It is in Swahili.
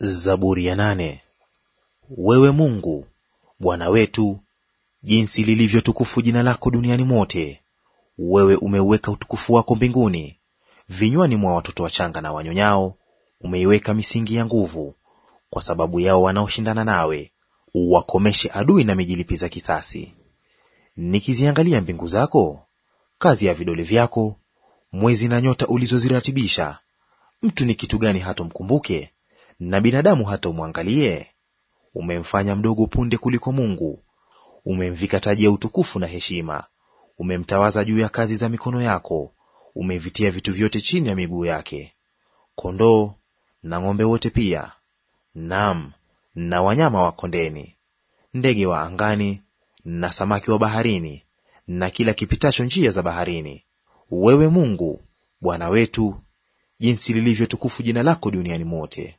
Zaburi ya nane. Wewe Mungu Bwana wetu, jinsi lilivyo tukufu jina lako duniani mote! Wewe umeuweka utukufu wako mbinguni. Vinywani mwa watoto wachanga na wanyonyao umeiweka misingi ya nguvu. Kwa sababu yao wanaoshindana nawe, uwakomeshe adui na mijilipiza kisasi. Nikiziangalia mbingu zako, kazi ya vidole vyako, mwezi na nyota ulizoziratibisha, mtu ni kitu gani hatomkumbuke, na binadamu hata umwangalie? Umemfanya mdogo punde kuliko Mungu, umemvika taji ya utukufu na heshima, umemtawaza juu ya kazi za mikono yako, umevitia vitu vyote chini ya miguu yake, kondoo na ng'ombe wote pia, nam na wanyama wa kondeni, ndege wa angani na samaki wa baharini, na kila kipitacho njia za baharini. Wewe Mungu Bwana wetu, jinsi lilivyo tukufu jina lako duniani mote!